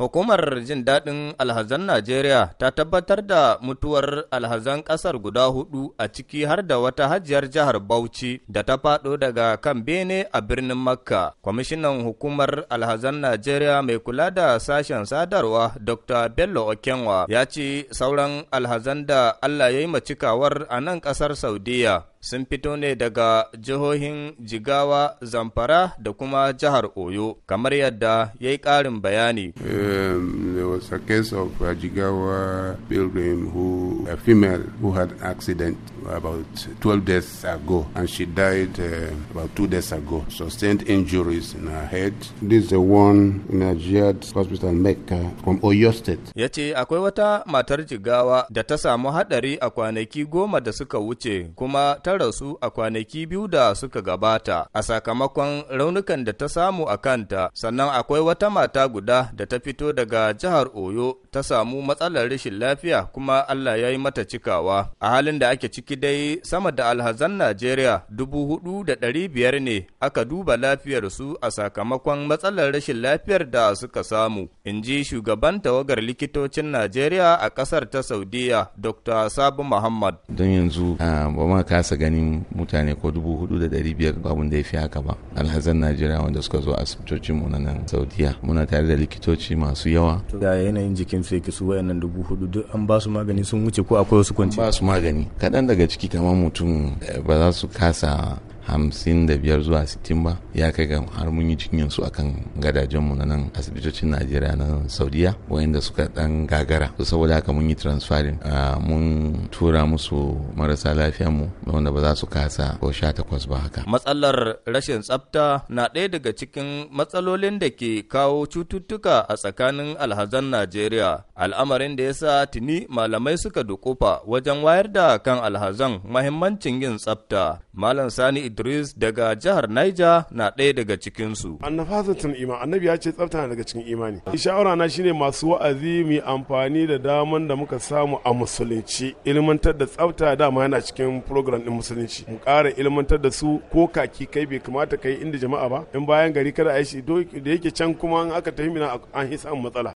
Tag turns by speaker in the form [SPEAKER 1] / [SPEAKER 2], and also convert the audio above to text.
[SPEAKER 1] Hukumar jin daɗin alhazan Najeriya ta tabbatar da mutuwar alhazan ƙasar guda hudu a ciki har da wata hajiyar jihar Bauchi da ta faɗo daga kan bene a birnin Makka. Kwamishinan hukumar alhazan Najeriya mai kula da sashen sadarwa Dr. Bello Okenwa ya ce sauran alhazan da Allah ya yi cikawar a nan ƙasar Saudiya sun fito ne daga jihohin Jigawa, Zamfara da kuma jihar Oyo, kamar yadda ya yi ƙarin bayani.
[SPEAKER 2] Um, there was a case of a uh, Jigawa pilgrim
[SPEAKER 1] who, a female
[SPEAKER 2] who had accident about 12 days ago and she died uh, about two days ago, sustained
[SPEAKER 1] injuries
[SPEAKER 2] in her head. This is the one in a Jihad hospital Mecca from Oyo State.
[SPEAKER 1] Ya ce akwai wata matar Jigawa da ta samu haɗari a kwanaki goma da suka wuce kuma ta ta rasu a kwanaki biyu da suka gabata a sakamakon raunukan da ta samu a kanta sannan akwai wata mata guda da ta fito daga jihar Oyo ta samu matsalar rashin lafiya kuma Allah ya yi mata cikawa a halin da ake ciki dai sama da alhazan Najeriya dubu hudu da biyar ne aka duba lafiyar su a sakamakon matsalar rashin lafiyar da suka samu in ji shugaban tawagar likitocin Najeriya a ƙasar ta Saudiya Dr. Sabu Muhammad.
[SPEAKER 3] Don yanzu ah, ba ma kasa ganin mutane ko dubu hudu da dari biyar babu da ya fi haka ba alhazan najeriya wanda suka zo asibitocin mu na nan saudiya muna tare da likitoci masu yawa da yanayin jikin su yake su wayannan dubu hudu duk an ba su magani sun wuce ko akwai wasu kwanci ba su magani kaɗan daga ciki kamar mutum eh, ba za su kasa hamsin da biyar zuwa sittin ba ya kai ga har mun yi jinyar su akan mu na nan asibitocin najeriya na saudiya wayanda suka dan gagara to saboda haka mun yi transferin mun tura musu marasa lafiyar mu wanda ba za su kasa ko sha takwas ba haka
[SPEAKER 1] matsalar rashin tsafta na ɗaya daga cikin matsalolin da ke kawo cututtuka a tsakanin alhazan najeriya al'amarin da ya sa tuni malamai suka dukufa wajen wayar da kan alhazan mahimmancin yin tsafta Malam Sani Idris daga jihar Niger na ɗaya daga cikinsu.
[SPEAKER 4] Annafazatun iman annabi ya ce tsafta daga cikin imani. shawarana na shine masu wa'azi mu amfani da daman da muka samu a musulunci. Ilmantar da tsafta dama yana cikin program din musulunci. Mu ƙara ilmantar da su ko kaki kai bai kamata kai inda jama'a ba. In bayan gari kada a yi shi da yake can kuma an aka tafi mina an hisa matsala.